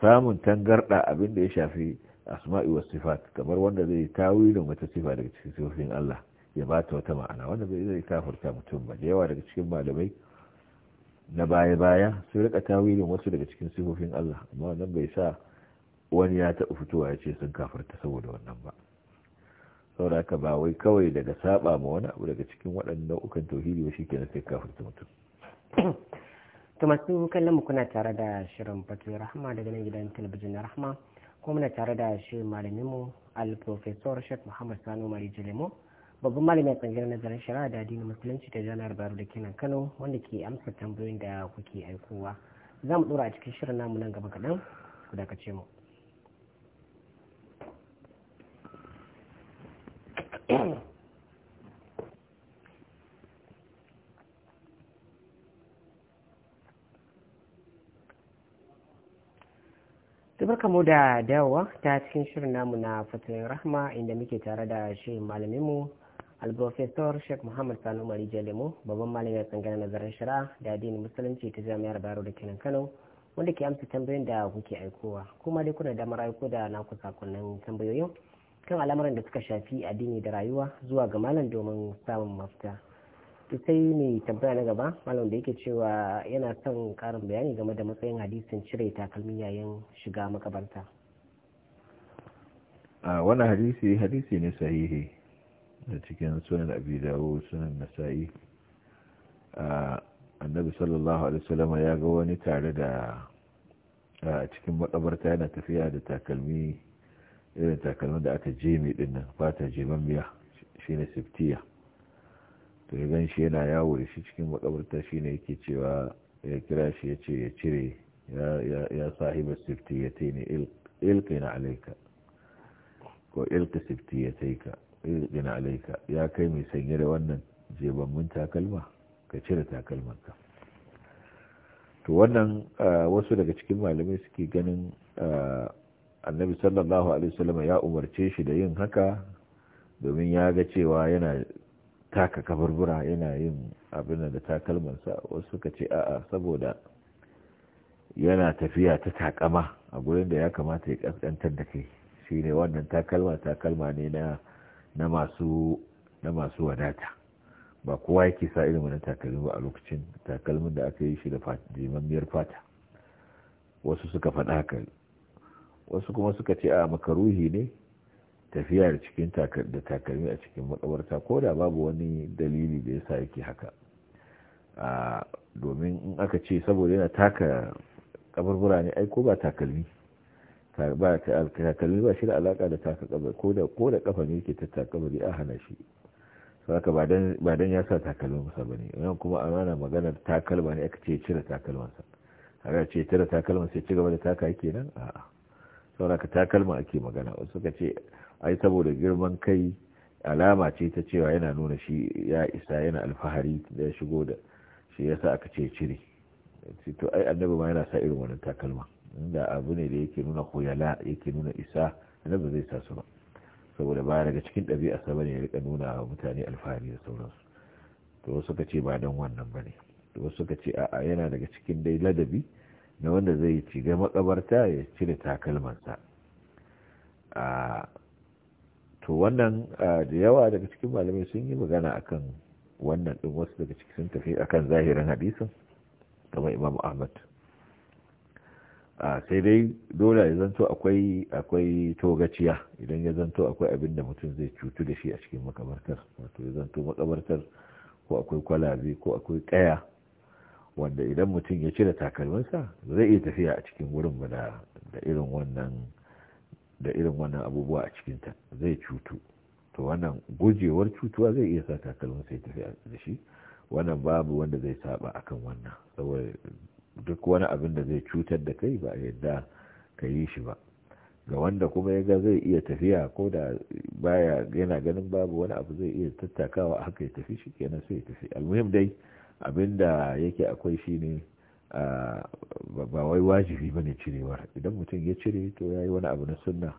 samun tangarɗa abin da ya shafi asma'i wa sifat kamar wanda zai tawilin wata sifa daga cikin sifofin Allah ya ba ta wata ma'ana wanda bai zai kafurta mutum ba da yawa daga cikin malamai na baya-baya sun rika tawilin wasu daga cikin sifofin Allah amma nan bai sa wani ya taɓa fitowa ya ce sun kafarta saboda wannan ba saboda ba wai kawai daga saba ma wani abu daga cikin waɗannan nau'ukan tauhidi ba na sai kafarta mutum to masu kallon mu kuna tare da shirin fatoyi rahma daga nan gidan talabijin na rahama kuma muna tare da shi malamin mu al professor Sheikh Muhammad Sanu Mari babban malamin tsangiyar nazarin shari'a da addinin musulunci ta jami'ar bayero da kenan kano wanda ke amsa tambayoyin da kuke aikowa za mu dora a cikin shirin namu nan gaba kaɗan ku dakace mu barka mu da dawowa ta cikin shirin namu na fatan rahma inda muke tare da shirin malaminmu al profesor sheikh muhammad sanu mari jalemo babban malamin tsanganar nazarin shari'a da addinin musulunci ta jami'ar bayero da kenan kano wanda ke amsa tambayoyin da kuke aikowa kuma dai kuna damar aiko da naku sakonnin tambayoyin kan al'amuran da suka shafi addini da rayuwa zuwa ga malam domin samun mafita to sai ne tambaya na gaba malam da yake cewa yana son karin bayani game da matsayin hadisin cire takalmi yayin shiga makabarta a wannan hadisi hadisi ne sahihi da cikin sunan abi dawo sunan nasa'i annabi sallallahu alaihi wasallam ya ga wani tare da a cikin makabarta yana tafiya da takalmi irin takalmin da aka jemi din nan fata jeman miya shine siftiya to ya gan shi yana yawo da shi cikin makabarta shine yake cewa ya kira shi ya ce ya cire ya sahiba siftiya ta ne ilkina alaika ko ilka siftiya ka Eh, ina alaika ya kai mai sanye da wannan jebammin takalma ka cire ka to wannan ah, wasu daga cikin malamai suke ganin ah, annabi sallallahu alaihi wasallam ya umarce shi da yin haka domin ya ga cewa yana taka kaburbura yana yin abin da sa wasu suka ce a'a saboda yana tafiya ta takama a gurin da ya kamata ya kaskantar da kai shi wannan takalma takalma ne na na masu wadata ba kowa yake sa irin wani takalmi ba a lokacin takalmin da aka yi shi da jimammiyar fata wasu suka faɗa haka wasu kuma suka ce a makaruhi ne tafiya da cikin da takalmi a cikin makabarta ko da babu wani dalili da ya sa yake haka domin in aka ce saboda yana taka kaburbura ne aiko ba takalmi ba takalmi ba shi da alaka da taka kabari ko da ko da kafa ne yake tattaka kabari a hana shi saboda ba dan ba dan ya sa takalmin masa bane yan kuma amana maganar takalma ne aka ce cire takalman sa aka ce cire takalman sai ci gaba da taka kenan a'a saboda ka takalma ake magana wasu ka ce ai saboda girman kai alama ce ta cewa yana nuna shi ya isa yana alfahari da ya shigo da shi yasa aka ce cire to ai annabi ma yana sa irin wannan takalma da abu ne da yake nuna koyala yake nuna isa ba zai sa su ba saboda baya daga cikin ɗabi'a sa bane ya rika nuna mutane alfahari da sauransu to wasu suka ce ba don wannan ba ne. to wasu suka ce a'a yana daga cikin dai ladabi na wanda zai ci ga makabarta ya cire takalmansa a to wannan da yawa daga cikin malamai sun yi magana akan wannan din wasu daga cikin sun tafi akan zahirin hadisin kamar imam ahmad sai dai dole ya zanto akwai akwai togaciya idan ya zanto akwai abin da mutum zai cutu da shi a cikin makabartar wato ya zanto makabartar ko akwai kwalabe ko akwai kaya wanda idan mutum ya cire takalminsa zai iya tafiya a cikin wurin ba da irin wannan da irin wannan abubuwa a cikin ta, zai cutu to wannan gujewar cutuwa zai iya sa takalminsa ya tafiya da shi wannan babu wanda zai saba akan wannan saboda duk wani abin da zai cutar da kai ba yadda ka yi shi ba ga wanda kuma ya ga zai iya tafiya ko da baya yana ganin babu wani abu zai iya tattakawa a haka ya tafi shi kenan sai ya tafi almuhim dai abin da yake akwai shi ne ba wai wajibi ba ne cirewar idan mutum ya cire to ya yi wani abu na sunna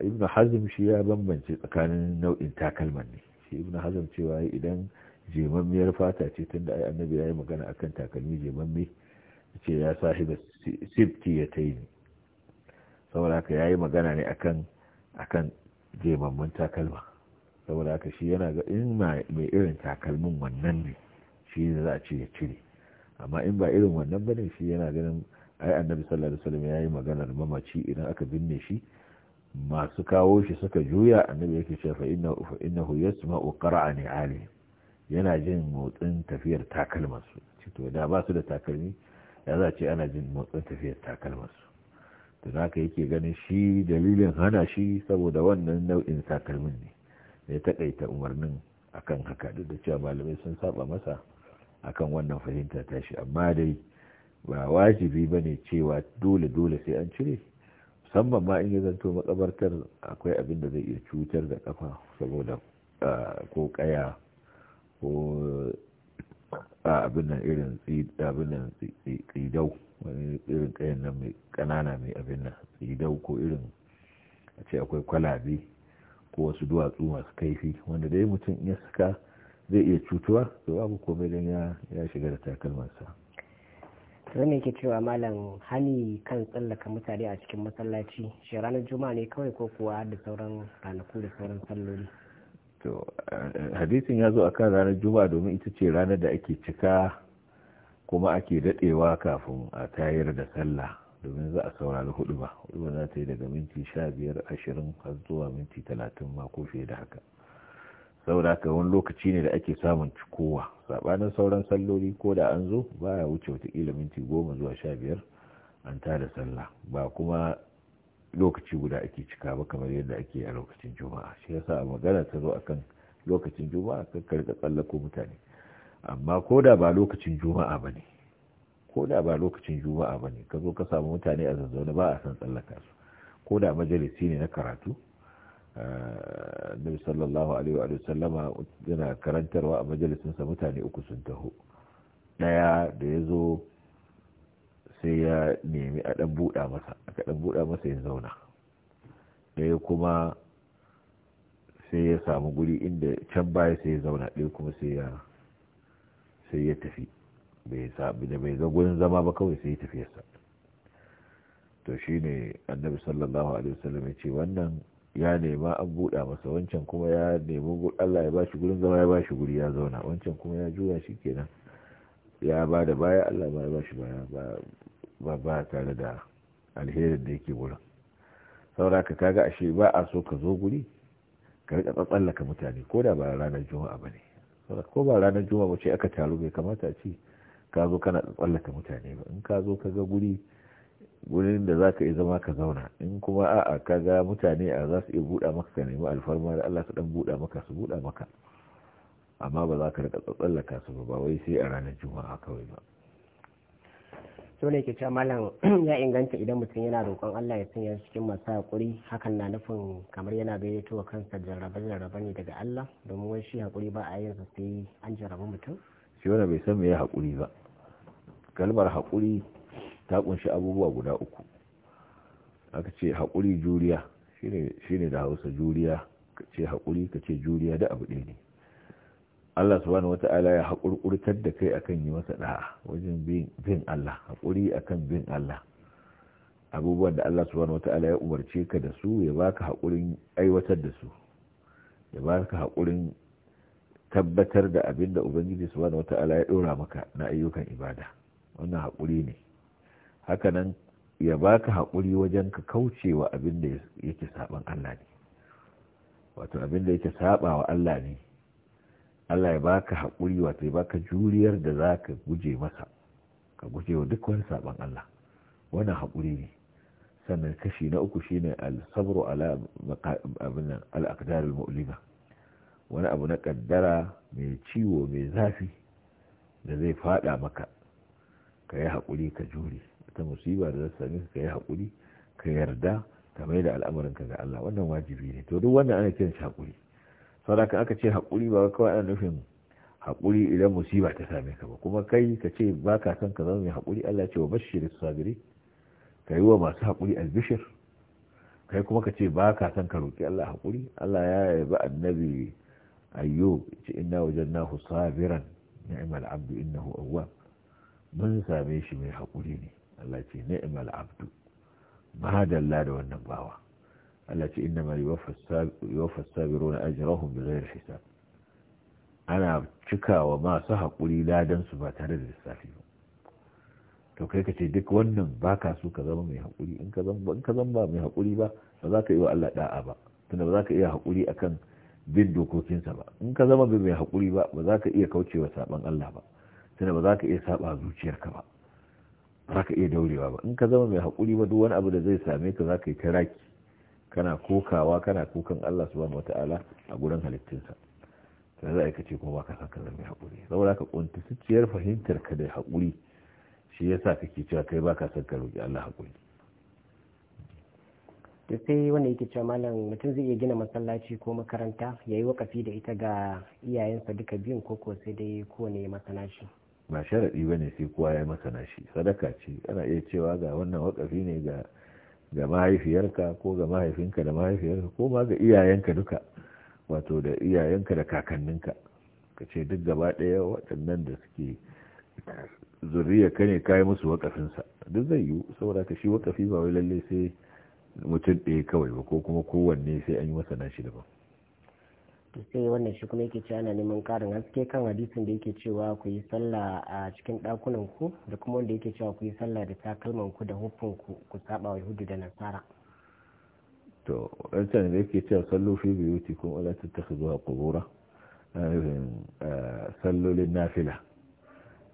ibn hazm shi ya bambance tsakanin nau'in takalman ne shi ibn hazm cewa idan jemammiyar fata ce tunda ai annabi ya yi magana a kan takalmi jemamme ce ya da sifti ya ta yi saboda haka ya yi magana ne akan kan takalma saboda haka shi yana ga in mai irin takalmin wannan ne shi ne za a ce ya cire amma in ba irin wannan ba ne shi yana ganin ai annabi sallallahu alaihi wasallam ya yi maganar mamaci idan aka binne shi masu kawo shi suka juya annabi yake cewa fa innahu yasma'u qara'ani alim yana jin motsin tafiyar su to da ba su da takalmi ya za ce ana jin motsin tafiyar takalmarsu to da ka yake ganin shi dalilin hana shi saboda wannan nau'in takalmin ne da ya takaita umarnin akan haka duk da cewa malamai sun saba masa akan wannan fahimta shi amma dai ba wajibi ba ne cewa dole dole sai an cire musamman ma in ya zanto makabartar akwai abin da zai iya cutar da kafa saboda ah, ko kaya ko a nan irin tsidau wani irin kayan nan mai kanana mai nan tsidau ko irin a ce akwai kwalabe ko wasu duwatsu masu kaifi wanda dai mutum ya saka zai iya cutuwa to babu komai don ya shiga da takalmansa to ne ke cewa malam hani kan tsallaka mutane a cikin masallaci shi ranar juma'a ne kawai ko kuwa da sauran ranaku da sauran salloli to hadisin ya zo a kan ranar juma'a domin ita ce ranar da ake cika kuma ake dadewa kafin a tayar da sallah domin za a saurari hudu ba hudu ba za ta yi daga minti sha biyar ashirin har zuwa minti talatin ma ko fiye da haka saboda haka wani lokaci ne da ake samun cikowa sabanin sauran salloli ko da an zo ba baya wuce watakila minti goma zuwa sha biyar an tada sallah ba kuma lokaci guda ake cika ba kamar yadda ake a lokacin juma'a shi yasa magana ta zo akan lokacin juma'a kan karka tsallako mutane amma ko da ba lokacin juma'a ba ne ko da ba lokacin juma'a ba ne ka zo ka samu mutane a zazzaune ba a san tsallaka su ko da majalisi ne na karatu eh, nabi sallallahu alaihi wa sallama yana karantarwa a majalisinsa mutane uku sun taho daya da ya zo sai ya nemi a ɗan buɗa masa aka ɗan buɗa masa ya zauna ɗaya kuma sai ya samu guri inda can baya sai ya zauna ɗaya kuma sai ya sai ya tafi bai sabu da bai ga gurin zama ba kawai sai ya tafi yasa to shine annabi sallallahu alaihi wasallam ya ce wannan ya nema an buɗa masa wancan kuma ya nemi Allah ya bashi gurin zama ya bashi guri ya zauna wancan kuma ya juya shi kenan ya ba da baya Allah ba ya bashi baya ba ba tare da alherin da yake wurin saboda ka kaga ashe ba a so ka zo guri ka rika tsatsallaka mutane ko da ba ranar juma'a ba ne ko ba ranar juma'a ce aka taru bai kamata ce ka zo kana tsatsallaka mutane ba in ka zo ka ga guri gurin da za ka iya zama ka zauna in kuma a'a ka ga mutane a za su iya buɗa maka ka nemi alfarma da Allah su dan buɗa maka su buɗa maka amma ba za ka rika tsatsallaka su ba wai sai a ranar juma'a kawai ba so ne ke cewa malam ya inganta idan mutum yana roƙon Allah ya sanya cikin masu haƙuri hakan na nufin kamar yana gayyato wa kansa jarrabe jarrabe ne daga Allah domin wai shi haƙuri ba a yin sa sai an jarrabe mutum shi wanda bai san me ya haƙuri ba kalmar haƙuri ta kunshi abubuwa guda uku aka ce haƙuri juriya shine shine da Hausa juriya ka ce haƙuri ka ce juriya da abu ɗaya ne Allah subhanahu wata'ala ya haƙurƙurtar da kai akan yi masa ɗaha wajen bin Allah haƙuri akan bin Allah abubuwan da Allah subhanahu wata'ala ya umarce ka da su ya baka haƙurin aiwatar da su ya baka haƙurin tabbatar da abin da Ubangiji subhanahu wata'ala ya ɗora maka na ayyukan ibada wannan haƙuri ne hakanan ya baka haƙuri wajen ka kaucewa abin da yake saban Allah ne wato abin da yake saba wa Allah ne Allah ya baka haƙuri wato ya baka juriyar da za ka guje masa ka guje wa duk wani saban Allah wannan haƙuri ne sannan kashi na uku shine al-sabru ala abin al-aqdar al-mu'lima wani abu na kaddara mai ciwo mai zafi da zai fada maka ka yi haƙuri ka juri ta musiba da zai sami ka yi haƙuri ka yarda ka mai da ka ga Allah wannan wajibi ne to duk wannan ana kiran shi haƙuri saboda aka ce haƙuri ba kawai ana nufin haƙuri idan musiba ta same ka ba kuma kai ka ce ba ka son ka zama mai haƙuri Allah ce wa bashirin sabiri ka yi wa masu haƙuri albishir kai kuma ka ce ba ka son ka roƙi Allah haƙuri Allah ya yaba annabi ayyub ce inna wajannahu sabiran ni'mal abdu innahu awwab mun same shi mai haƙuri ne Allah ce ni'mal abdu ba da wannan bawa Allah ce inna ma yuwaffa sabiruna ajrahum bighayri hisab ana cikawa masu haƙuri ladan su ba tare da lissafi ba to kai ka ce duk wannan ba ka so ka zama mai haƙuri in ka zama in ka zama mai haƙuri ba ba za ka yi wa Allah da'a ba tunda ba za ka iya haƙuri akan bin dokokinsa ba in ka zama mai haƙuri ba ba za ka iya kaucewa saban Allah ba tunda ba za ka iya saba zuciyarka ba ba za ka iya daurewa ba in ka zama mai haƙuri ba duk wani abu da zai same ka za ka yi ta raki kana kokawa kana kukan Allah subhanahu wata'ala a gurin halittinsa sai za a kace kuma baka san ka mai haƙuri saboda ka kuntucciyar fahimtar ka da haƙuri shi yasa kake cewa kai baka san ka roki Allah haƙuri da sai wanda yake cewa malam mutum zai iya gina masallaci ko makaranta ya yi wakafi da ita ga iyayensa duka biyun ko ko sai dai kowane ya masana shi ba sharaɗi ba ne sai kowa ya masana shi sadaka ce ana iya cewa ga wannan wakafi ne ga ga mahaifiyarka ko ga mahaifinka da mahaifiyarka ko ma ga iyayenka duka wato da iyayenka da kakanninka ka ce duk gaba ɗaya waɗannan da suke zurriya ka ne kayi musu wakafinsa duk zai yiwu saboda ka shi wakafi ba wai lalle sai mutum ɗaya kawai ba ko kuma kowanne sai an yi masa nashi daban sai wannan shi kuma yake cewa ana neman karin haske kan hadisin da yake cewa ku yi sallah a cikin ɗakunan ku da kuma wanda yake cewa ku yi sallah da takalman ku da hufun ku ku saba wa yahudu da nasara to wancan da yake cewa sallu fi biyuti kuma wala zuwa qubura eh, sallolin nafila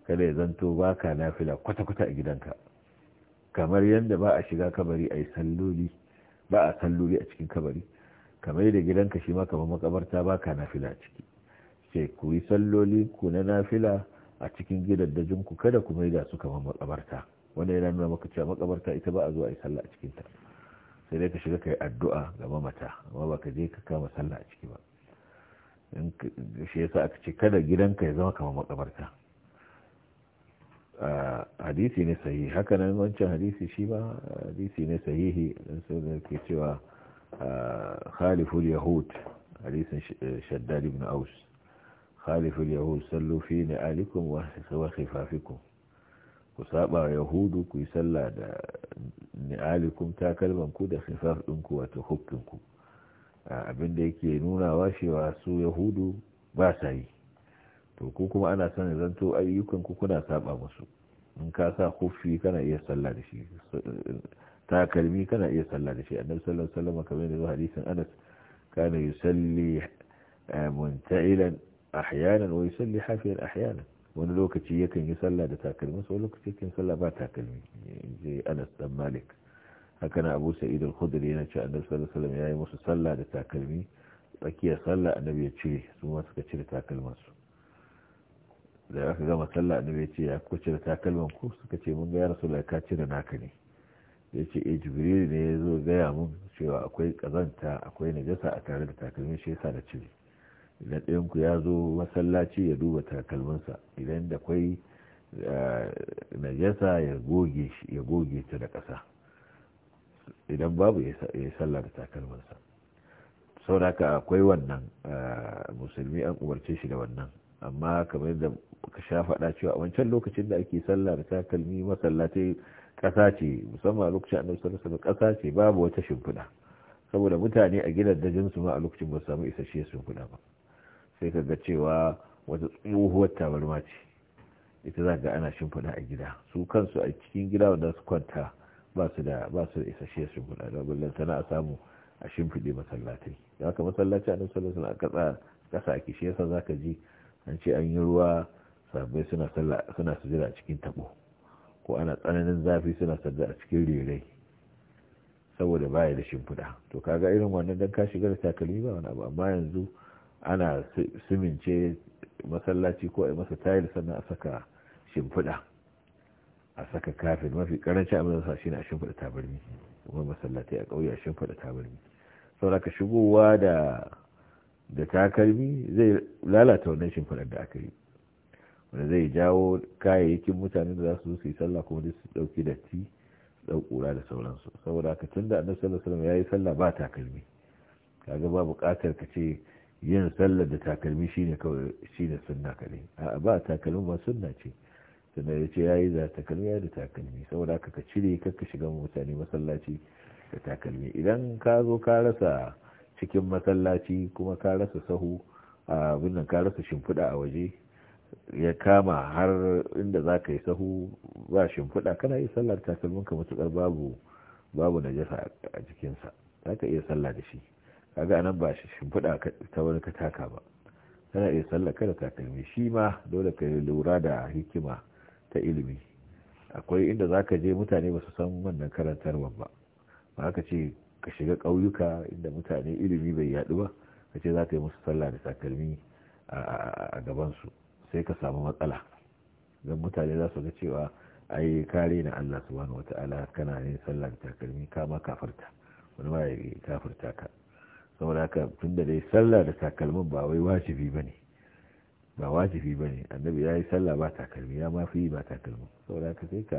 kada ya zanto baka nafila kwata kwata a gidanka kamar yadda ba a shiga kabari a yi salloli ba a salloli a cikin kabari kamar da gidanka shi ma kamar makabarta baka nafila a ciki sai ku yi salloli ku na nafila a cikin gidaddajin ku kada ku mai da su kamar makabarta wanda yana nuna maka cewa makabarta ita ba a zuwa yi sallah a cikin sai dai ka shiga kai addu'a ga mamata amma ba ka je ka kama sallah a ciki ba in shi yasa aka ce kada gidanka ya zama kamar makabarta ah, hadisi ne sahihi haka nan wancan hadisi shi ba hadisi ne sahihi dan sai da ke cewa خالف اليهود حديث شداد بن أوس خالف اليهود صلوا في نعالكم وخفافكم وسابع يهود كي سلا نعالكم تاكلمن كو ده خفاف دinku wato hukkinku abin da yake nuna washewa su yahudu ba sa yi to ku kuma ana son zanto ayyukan ku kuna saba musu in ka sa kana iya sallah da shi takalmi kana iya sallah da shi annabi sallallahu alaihi wasallam kamar da hadisin Anas kana yusalli eh, munta'ilan ahyanan wa yusalli hafiyan ahyanan wani lokaci yakan yi sallah da takalmi wani lokaci yakan sallah ba takalmi je Anas dan Malik haka na Abu Sa'id al-Khudri yana cewa annabi sallallahu alaihi wasallam yayi musu sallah da takalmi tsakiyar sallah annabi ya cire su ma suka cire su da aka gama sallah annabi ya ce ya kuka cire takalman ku suka ce mun ga ya rasulullahi ka cire naka ne ya ce a eh, jibril ne ya zo gaya mun cewa akwai kazanta akwai najasa a tare da takalmin shi yasa da cire idan ɗayan ku ya zo masallaci ya duba takalminsa idan da kwai eh, najasa ya goge ta da ƙasa idan babu ya sallah da takalminsa sauraka akwai wannan eh, musulmi an umarce shi da wannan amma kamar yadda ka sha faɗa cewa a wancan lokacin da ake sallah da takalmi masallatai ƙasa ce musamman a lokacin annabi sallallahu alaihi ƙasa ce babu wata shimfiɗa saboda mutane a gidan da su ma a lokacin ba su samu isasshe shimfiɗa ba sai ka ga cewa wata tsohuwar tabarma ce ita za ga ana shimfiɗa a gida su kansu a cikin gida wanda su kwanta ba su da ba su da isasshe shimfiɗa da ballan sana'a a samu a shimfiɗe masallatai da haka masallaci a sallallahu alaihi wasallam a ƙasa ake shi yasa zaka ji an ce an yi ruwa sabai suna sallah suna sujira a cikin taɓo. ko ana tsananin zafi suna sanda a cikin rerai saboda baya da shimfiɗa to kaga irin wannan dan ka shiga da takalmi ba wani abu amma yanzu ana simince masallaci ko a yi masa tayil sannan a saka shimfiɗa a saka kafin mafi karanci abin da sa shi ne a shimfiɗa tabarmi kuma masallatai a ƙauye a shimfiɗa tabarmi saboda ka shigowa da da takalmi zai lalata wannan shimfiɗar da aka yi wanda zai jawo kayayyakin mutane da za su su yi sallah kuma duk su dauki datti su dau kura da sauransu saboda haka tun da annabi sallallahu alaihi wasallam yayi sallah ba takalmi kaga ba buƙatar ka ce yin sallar da takalmi shine kawai shine sunna kare a ba takalmi ba sunna ce sannan ya ce yayi za takalmi ya da takalmi saboda haka ka cire ka shiga mutane masallaci da takalmi idan ka zo ka rasa cikin masallaci kuma ka rasa sahu abin nan ka rasa shimfiɗa a waje ya kama har inda za ka yi sahu ba shimfiɗa kana yi sallar takalminka matuƙar babu babu najasa a jikinsa za ka iya sallah da shi kaga anan ba shi shimfiɗa ta wani kataka ba kana iya sallah kada takalmi shi ma dole ka lura da hikima ta ilimi akwai inda za ka je mutane ba su san wannan karantarwar ba ba ka ce ka shiga ƙauyuka inda mutane ilimi bai yaɗu ba ka ce za ka yi musu sallah da takalmi a gabansu sai ka samu matsala don mutane za su ga cewa a yi kare na Allah su wani wata'ala kana ne sallar takalmi kama kafarta wani ma ya kafarta ka saboda haka tun da dai sallah da takalmin ba wai wajibi ne ba wajibi ne annabi ya yi sallah ba takalmi ya ma fi ba takalmi saboda haka sai ka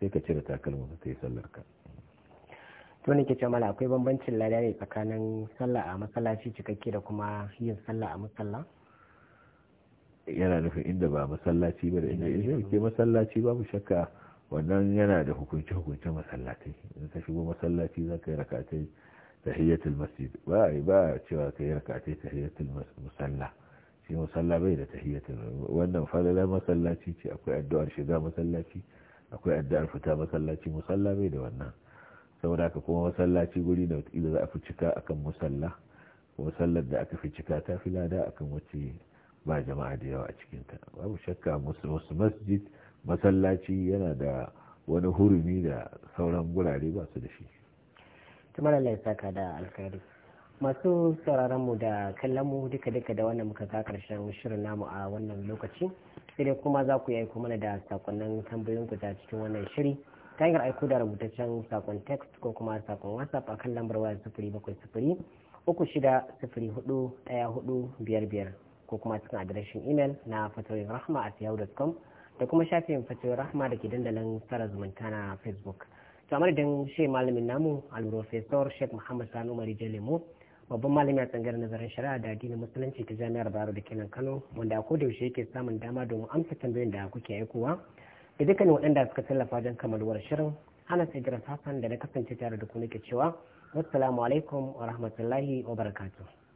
sai ka cire takalmin ta yi sallar ka to ne ke ce mala akwai bambancin lada ne tsakanin sallah a masallaci cikakke da kuma yin sallah a masallaci yana nufin inda ba masallaci ba da inda ya ke masallaci babu shakka wannan yana da hukunce hukunce masallaci, in ka shigo masallaci za ka yi rakatai hiyatul masjid ba a ba cewa ka yi rakatai hiyatul musalla shi musalla bai da ta hiyatul wannan falalar masallaci ce akwai addu'ar shiga masallaci akwai addu'ar fita masallaci musalla bai da wannan saboda haka kuma masallaci guri da wata za a fi cika akan musalla musallar da aka fi cika ta fi lada akan wacce ba jama'a da yawa a cikinta babu shakka wasu masjid masallaci yana da wani hurumi da sauran gurare ba su da shi kamar Allah ya saka da alkhairi masu sauraron mu da kallon mu duka duka da wannan muka ka karshen shirin namu a wannan lokaci sai dai kuma za ku yi aiko mana da sakonnin tambayoyin ku ta cikin wannan shiri ta hanyar aiko da rubutaccen sakon text ko kuma sakon whatsapp a kan lambar waya sufuri bakwai sufuri uku shida sufuri hudu daya hudu biyar biyar ko kuma cikin adireshin imel na fatoyin rahma a yahoo.com da kuma shafin fatoyin rahma da ke dandalin tsara zumunta na facebook to a madadin shi malamin namu alrofesor sheikh muhammad sanu mari lemo babban malami a tsangar nazarin shari'a da addinin musulunci ta jami'ar baro da kenan kano wanda a kodayaushe yake samun dama domin amsa tambayoyin da kuke aikowa da dukkanin waɗanda suka tallafa don kamaluwar shirin ana tsigirar hassan da na kasance tare da ku nake cewa wassalamu alaikum wa rahmatullahi wa barakatuh